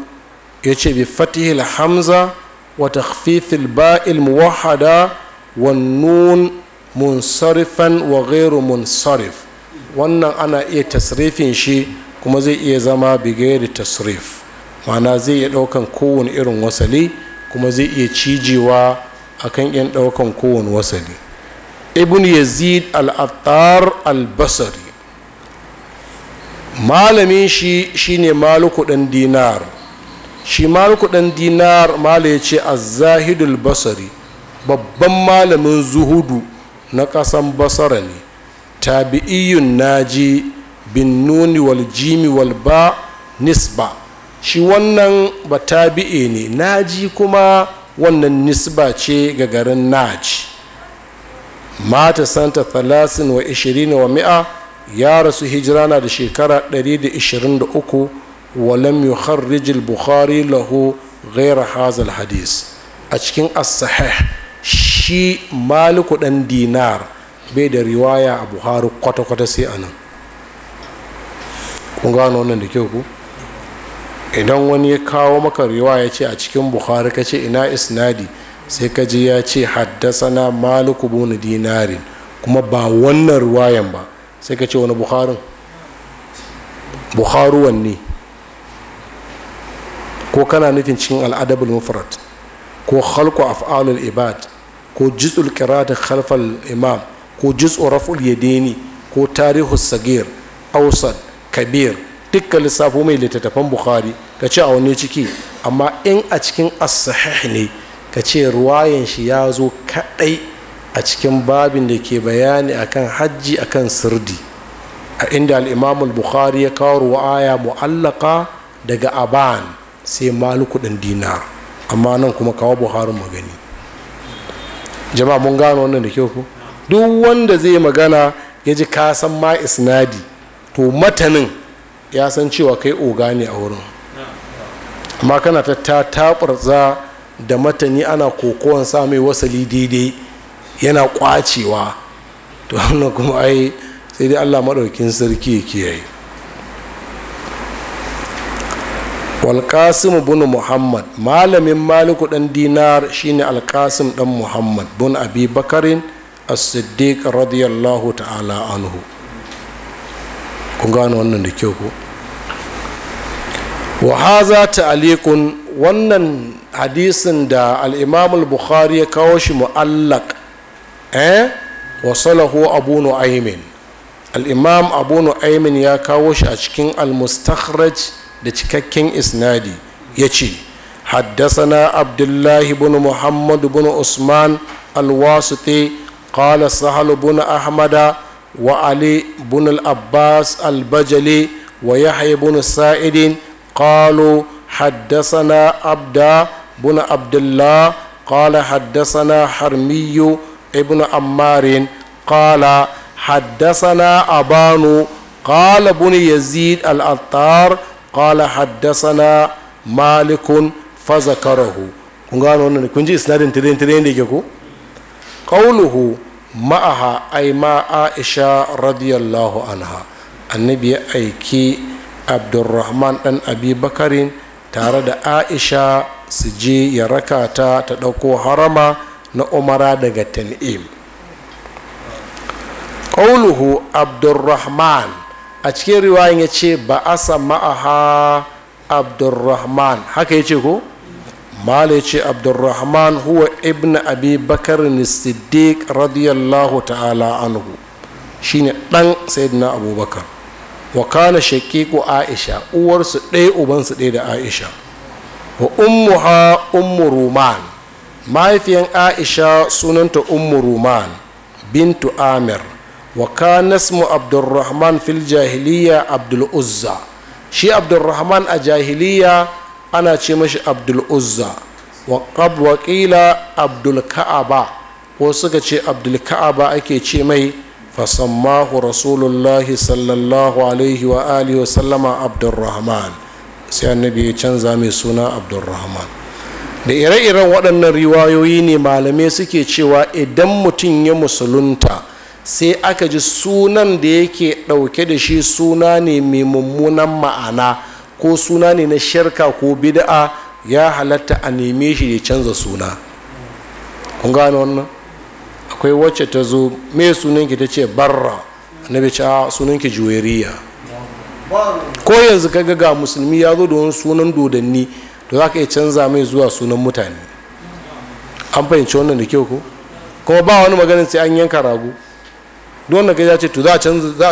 S1: ya ce bi fatihil hamza wa takhfifil ba'il muwahhada wa nun munsarifan wa ghairu munsarif wannan ana iya tasrifin shi kuma zai iya zama bigayar tasrif ma'ana zai iya ɗaukan kowane irin wasali kuma zai iya cijewa akan yan ɗaukan kowane wasali ibn yazid al-attar al-basri malamin shi shine maluku ɗan dinar shi maluku ɗan dinar mala ya ce azahidul basari babban malamin zuhudu na ƙasan basara ne tabi'iyun naji bin nuni wal jimi wal ba nisba shi wannan ba tabi'i ne naji kuma wannan nisba ce ga garin naji mata santa 30 wa 20 wa mi'a ya rasu hijira na da shekara 123 walam yukharrij al-bukhari lahu ghayra hadha hadis a cikin as-sahih shi maliku dan dinar bai da riwaya a buhari kwata-kwata sai anan kun gano wannan da kyau ku idan wani ya kawo maka riwaya ce a cikin buhari ka ce ina isnadi sai ka ji ya ce haddasa na maliku bunu dinarin kuma ba wannan riwayan ba sai ka ce wani bukharin bukharu wanne ko kana nufin cikin al'adabul mufrad ko khalqu af'alul ibad ko juz'ul qira'ati khalfal imam ko juz'u raf'ul yadaini ko tarihu sagir awsad kabir dukkan lissafo mai littattafan bukhari ka ce a wani ciki amma in a cikin as ne ka ce ruwayan shi ya zo kadai a cikin babin da ke bayani akan hajji akan sirdi a inda al'imamul bukhari ya kawo ruwaya mu'allaka daga aban sai maluku ɗin dinar amma nan kuma kawo buhari magani jama'a mun gano wannan da kyau ku duk wanda zai magana ya ji kasan ma isnadi to matanin ya san cewa kai oga ne a wurin amma kana ta za da matani ana kokowar sa mai wasali daidai yana kwacewa to wannan kuma ai sai dai allah maɗaukin sarki ya kiyaye walƙasim bin muhammad malamin maliku ɗan dinar shine alƙasim ɗan muhammad bin abi bakarin as-siddiq radiyallahu ta'ala anhu kun gano wannan da kyau ko wa haza wannan hadisin da al-imam bukhari ya kawo shi mu'allaq eh wasalahu abu nu'aymin al-imam abu nu'aymin ya kawo shi a cikin al-mustakhraj da cikakken isnadi yace haddathana abdullahi ibn muhammad ibn usman al-wasiti qala sahal ibn ahmada wa ali ibn al-abbas al-bajali wa yahya ibn sa'id qalu حدثنا عبدا بن عبد الله قال حدثنا حرمي ibn ammarin qala haddasana abanu qala ibn yazid al-attar qala haddasana malikun fazakarahu kun gano wannan kun ji isnadin tirin tirin da yake ko qauluhu ma'aha ay ma aisha radiyallahu anha annabi ya aiki Abdulrahman dan abi tare da aisha su je ya raka ta ta ɗauko harama na umara daga tan'im ƙauluhu abdurrahman a cikin riwayan ya ce ba a a ha abdurrahman haka ya ce ko mala ya ce abdurrahman huwa ibn abi bakar siddiq radiyallahu ta'ala anhu shi shine ɗan sayyidina abubakar wa kana shaqiqu aisha uwarsu ɗaya ubansu ɗaya da aisha wa ummuha ummu ruman mahaifiyan aisha sunanta ummu ruman bintu amir wa kanasmu abdulrahman fil jahiliya abdul uzza shi abdulrahman a jahiliya ana ce mashi abdul uzza wa ƙila abdul ka'aba ko suka ce abdul ka'aba ake ce mai fasammahu rasulullahi sallallahu alaihi wa alihi wa sallama abdulrahman sai annabi ya canza mai suna abdulrahman da ire-iren waɗannan riwayoyi ne malamai suke cewa idan mutum ya musulunta sai aka ji sunan da yake ɗauke da shi suna ne mai mummunan ma'ana ko suna ne na shirka ko bida'a ya halatta a neme shi ya canza suna kun gane wannan akwai wacce ta zo me sunanki ta ce barra na ce a sunanki juweriya ko yanzu kaga ga musulmi ya zo da wani sunan dodanni to za ka iya canza mai zuwa sunan mutane an fahimci wannan da kyau ko kuma ba wani maganin sai an yanka rago don wanda ya ce to za a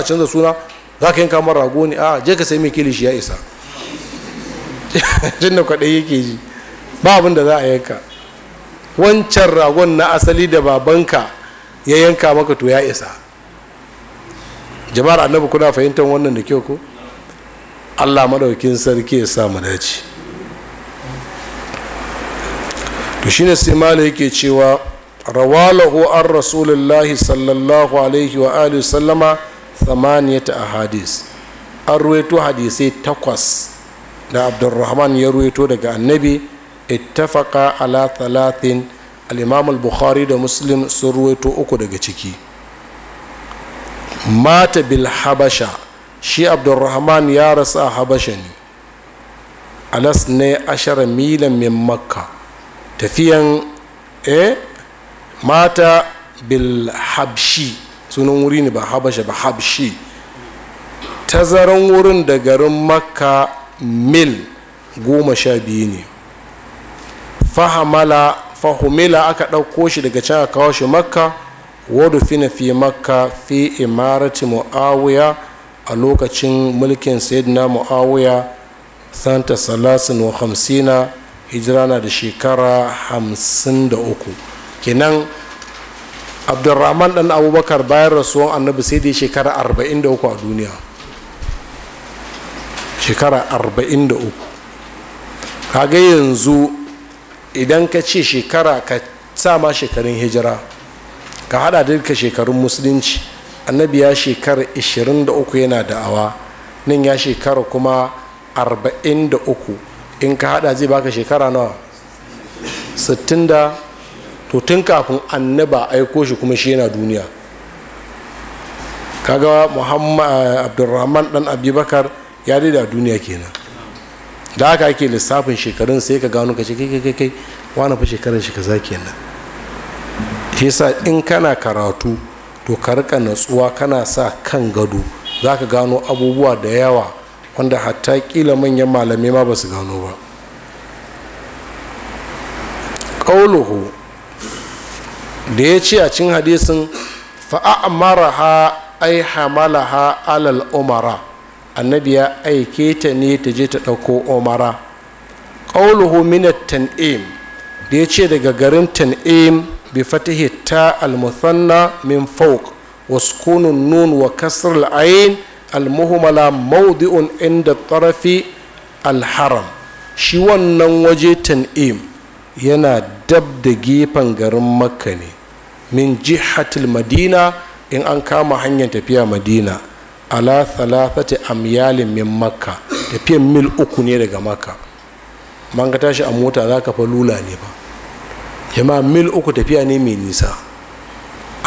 S1: canza suna za ka yanka mara rago ne a je ka sai mai kilishi ya isa (laughs) tun da kwaɗai yake ji ba abin da za a yanka wancan ragon na asali da babanka ya yanka maka to ya isa jama'ar annabi kuna fahimtar wannan da kyau ko allah madaukin sarki ya sa mu dace to ne sai mala yake cewa rawalahu an rasulullahi sallallahu alaihi wa alihi sallama a hadis an ruwaito hadisai takwas da abdurrahman ya ruwaito daga annabi ittafaqa ala talatin al-imam bukhari da muslim sun ruwaito uku daga ciki mata bil habasha shi abdurrahman ya rasu a habasha ne alas ne ashara milan min makka tafiyan eh mata bil habshi sunan wuri ne ba habasha ba habshi tazaran wurin da garin makka mil goma sha biyu ne fahamala fahumila aka ɗauko shi daga can a kawo shi makka wadda na fi makka fi imarati mu'awiya a lokacin mulkin sayyidina mu'awiya santa salasin wa hamsina hijira na da shekara hamsin da uku kenan abdurrahman dan abubakar bayan rasuwan annabi sai da shekara 43 a duniya shekara 43 kaga yanzu idan ka ce shekara ka sa ma shekarun hijira ka hada duka shekarun musulunci annabi ya shekara 23 yana da'awa nan ya shekara kuma 43 in ka hada zai baka shekara nawa sittin da to tun kafin annaba aiko shi kuma shi yana duniya kaga muhammad eh, abdulrahman dan abubakar ya da duniya kenan da haka ake lissafin shekarun sai ka gano ka ce kai kai kai wani fa shekarun shi kaza kenan shi yasa in kana karatu to ka rika natsuwa kana sa kan gado za ka gano abubuwa da yawa wanda hatta kila manyan malamai ma ba su gano ba ƙauluhu da ya ce a cin hadisin fa'a'amara ha ai hamala ha alal umara annabi ya aike ta ne ta je ta ɗauko umara ƙauluhu minat tan'im da ya ce daga garin tan'im bi fatihi ta al muthanna min wasu wa nun wa kasar la'ayin. almuhumala maudi'un inda tarafi alharam shi wannan waje tan'im yana dab da gefen garin makka ne min jihatil madina in an kama hanyar tafiya madina ala thalathati amyalin min makka tafiyan mil uku ne daga makka man ka tashi a mota za ka fa lula ne ba jama'a mil uku tafiya ne mai nisa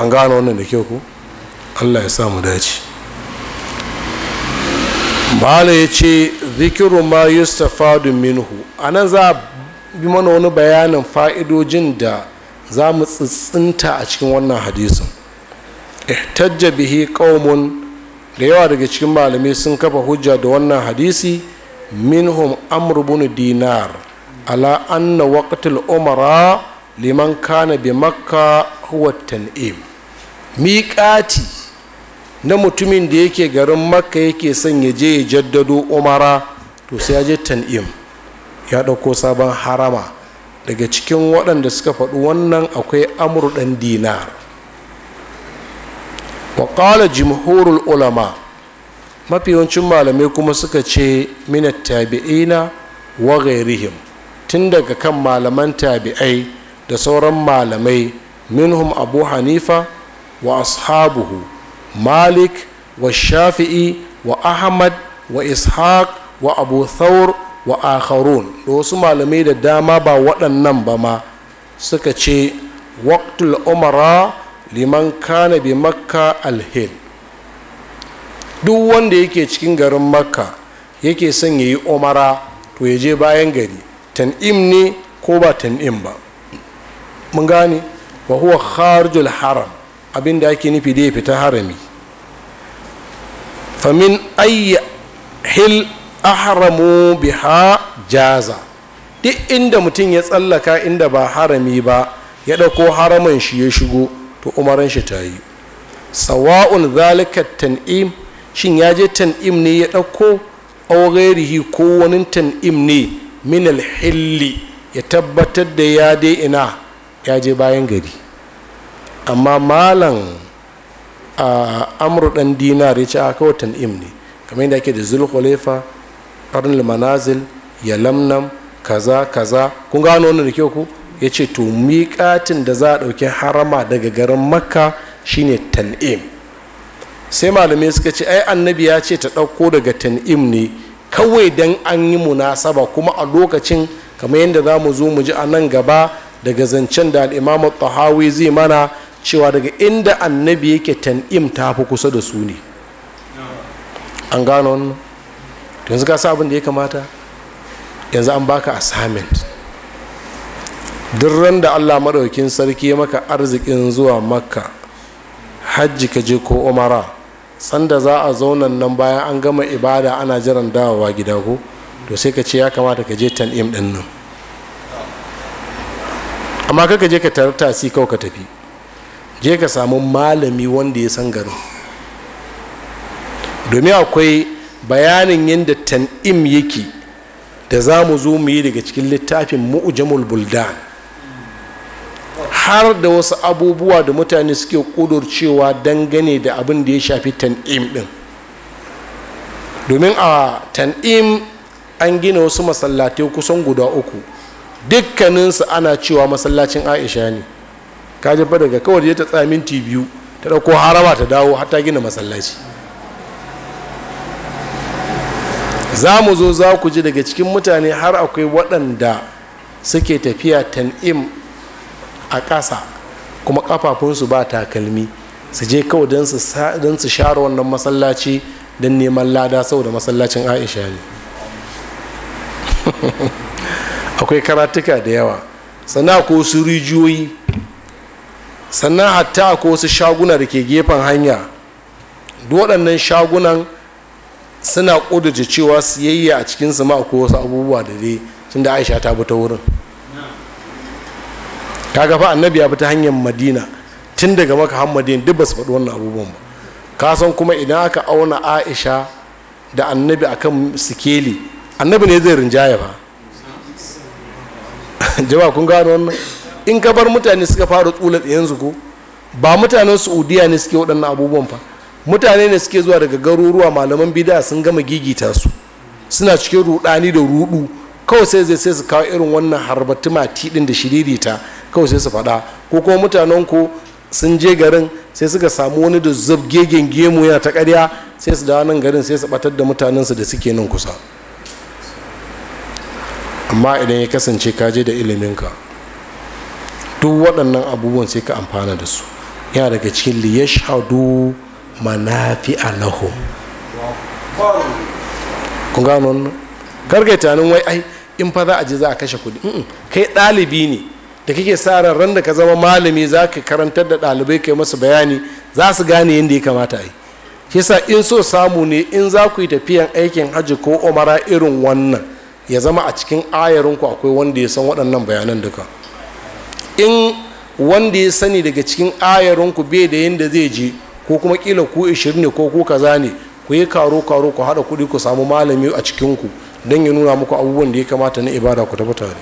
S1: an gano wannan da kyau ku allah ya sa mu dace bala ya ce zikiru ma yustafadu minhu a nan za a bi mana wani bayanin fa'idojin da za mu tsitsinta a cikin wannan hadisin ihtajja bihi qaumun da yawa daga cikin malamai sun kafa hujja da wannan hadisi minhum amr bin dinar ala anna waqtul umara liman kana bi makka huwa tan'im miqati na mutumin da yake garin makka yake son ya je ya jaddado umara to sai ya je tan'im ya ɗauko sabon harama daga cikin waɗanda suka faɗi wannan akwai amurɗan ɗan dinar wa jimhurul ulama mafi yawancin malamai kuma suka ce mina tabi'ina wa ghairihim tun daga kan malaman tabi'ai da sauran malamai minhum abu hanifa wa ashabuhu malik wa shafi'i wa ahmad wa ishaq wa abu thawr wa akharun da wasu malamai da dama ba waɗannan ba ma suka ce waqtul umara liman kanabi makka alhil duk wanda yake cikin garin makka yake son ya yi umara to ya je bayan gari tan'im ne ko ba tan'im ba mun gane wa huwa kharijul haram da ake nufi da ya fita harami famin ayya hil ahramu biha jaza duk inda mutum ya tsallaka inda ba harami ba ya ɗauko haraman shi ya shigo to umaran shi ta yi sawa'un zalika tan'im shin ya je tan'im ne ya ɗauko aurerihi ko wani tan'im ne min alhilli ya tabbatar da ya dai ina ya je bayan gari amma malam a amru dan dinar ya ce a kawai tan'im ne kamar yadda ake da zulkhulefa arnul manazil ya lamnam kaza kaza kun gano wannan da kyau ku ya ce to miƙatin da za a ɗauki harama daga garin makka shine tan'im sai malamai suka ce ai annabi ya ce ta ɗauko daga tan'im ne kawai don an yi munasaba kuma a lokacin kamar yadda za mu zo mu ji a nan gaba daga zancen da al'imamu tahawi zai mana cewa daga inda annabi yake tan'im ta fi kusa da su ne an gano wannan yanzu ka sa da ya kamata yanzu an baka assignment duk da allah maɗaukin sarki ya maka arzikin zuwa makka hajji ka je ko umara sanda za a zaunan nan bayan an gama ibada ana jiran dawowa gida ko to sai ka ce ya kamata ka je tan'im ɗin nan amma kaka je ka tarar tasi kawai ka tafi je ka samu malami wanda ya san garin domin akwai bayanin yadda tan'im yake da za mu zo mu yi daga cikin littafin mu'jamul buldan har da wasu abubuwa da mutane suke kudurcewa dangane da abin da ya shafi tan'im din domin a tan'im an gina wasu masallatai kusan guda uku dukkaninsu ana cewa masallacin aisha ne ka jefa daga kawai ta tsaya minti biyu ta ɗauko haraba ta dawo har ta gina masallaci za mu zo za ku ji daga cikin mutane har akwai waɗanda suke tafiya tan'im a ƙasa kuma ƙafafunsu ba takalmi su je kawai don su share wannan masallaci don neman lada saboda masallacin aisha ne (laughs) akwai karatuka da yawa sana ko su rijiyoyi sannan hatta ko wasu shaguna da ke gefen hanya duk waɗannan shagunan suna ƙudurce cewa siyayya a cikinsu ma ko wasu abubuwa da dai tun da aisha ta bi ta wurin kaga fa annabi ya bi ta hanyar madina tun daga maka hammadin duk ba su faɗi wannan abubuwan ba kasan kuma idan aka auna aisha da annabi akan sikeli annabi ne zai rinjaya ba (laughs) jama'a kun gano wannan in ka bar mutane suka fara tsula tsayen zugo ba mutanen saudiya ne suke waɗannan abubuwan fa mutane ne suke zuwa daga garuruwa malaman bida sun gama gigita su suna cikin rudani da rudu kawai sai zai sai su kawo irin wannan harbatu mati din da shiririta kawai sai su faɗa ko kuma mutanen ku sun je garin sai suka samu wani da zub gegen gemu yana ta ƙarya sai su dawo nan garin sai su batar da mutanen su da suke nan kusa amma idan ya kasance ka je da iliminka duk waɗannan abubuwan sai ka amfana da su yana daga cikin liyashhadu manafi'a alahu kun gano wannan karkai tanin wai ai in fa za a je za a kashe kuɗi kai ɗalibi ne da kake sa ran da ka zama malami za ka karantar da ɗalibai kai masu bayani za su gane yadda ya kamata a yi shi sa in so samu ne in za ku yi tafiyan aikin hajji ko umara irin wannan ya zama a cikin ayarinku akwai wanda ya san waɗannan bayanan duka in wanda ya sani daga cikin ayarinku bai da yadda zai je ko kuma kila ku 20 ne ko ku kaza ne ku yi karo karo ku haɗa kuɗi ku samu malami a cikinku don ya nuna muku abubuwan da ya kamata na ibada ku tafi tare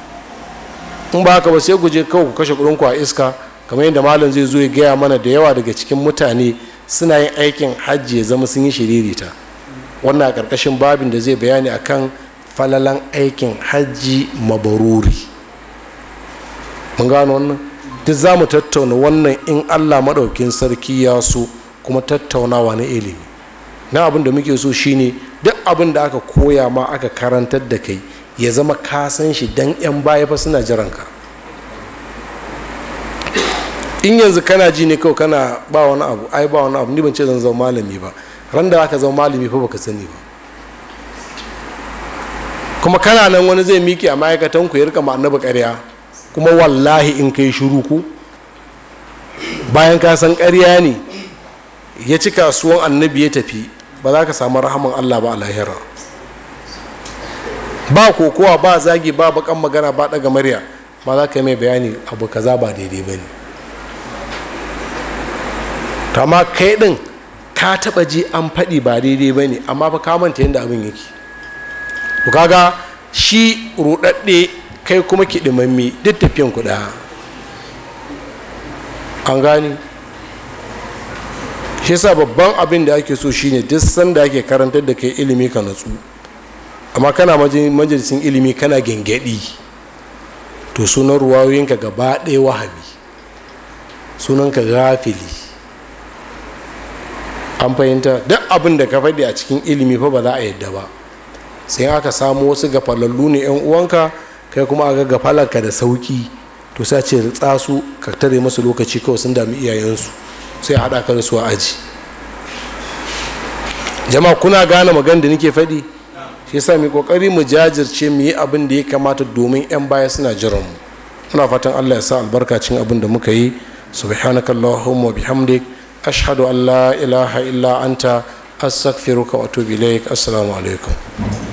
S1: in ba haka ba sai ku je kawai ku kashe kuɗinku a iska kamar yadda malam zai zo ya gaya mana da yawa daga cikin mutane suna yin aikin hajji ya zama sun yi shiririta wannan a ƙarƙashin babin da zai bayani akan falalan aikin hajji mabaruri mun gano wannan duk za mu tattauna wannan in allah maɗaukin sarki ya so kuma tattaunawa na ilimi na abin da muke so shine duk abin da aka koya ma aka karantar da kai ya zama ka san shi dan 'yan baya fa suna jiran ka in yanzu kana ji ne kawai kana ba wani abu ai ba wani abu ni ban ce zan zama malami ba ran da zaka zama malami fa baka sani ba kuma kana nan wani zai miƙe a ma'aikatan ku ya rika ma annabi ƙarya kuma wallahi in kai shiru ko bayan ka san ƙarya ne ya ci kasuwan annabi ya tafi ba za ka samu rahaman allah ba a lahira ba kokowa ba zagi ba bakan magana ba daga murya ba za ka yi mai bayani abu kaza ba daidai ba ne amma kai din ka taba ji an faɗi ba daidai ba ne amma ba ka manta yadda abin yake to kaga shi ruɗaɗɗe kai kuma kiɗimammi duk tafiyan kuɗa an gani shi sa babban abin da ake so shine duk sanda ake karantar da kai ilimi ka natsu amma kana majalisin ilimi kana gengedi to sunan ruwayoyinka gaba ɗaya sunan sunanka gafili an fahimta duk abin da ka faɗi a cikin ilimi fa ba za a yadda ba sai aka samu wasu gafalallu ne 'yan uwanka kai kuma a gafalarka da sauki to sai ce tsasu ka tare masu lokaci kawai sun dami iyayensu sai haɗa ka da su a aji jama'a kuna gane magana da nake faɗi shi yasa mu kokari mu jajirce mu yi abin da ya kamata domin yan baya suna jiran mu muna fatan Allah ya sa albarka abin da muka yi subhanaka allahumma bihamdik ashhadu an la ilaha illa anta astaghfiruka wa atubu ilaik assalamu alaikum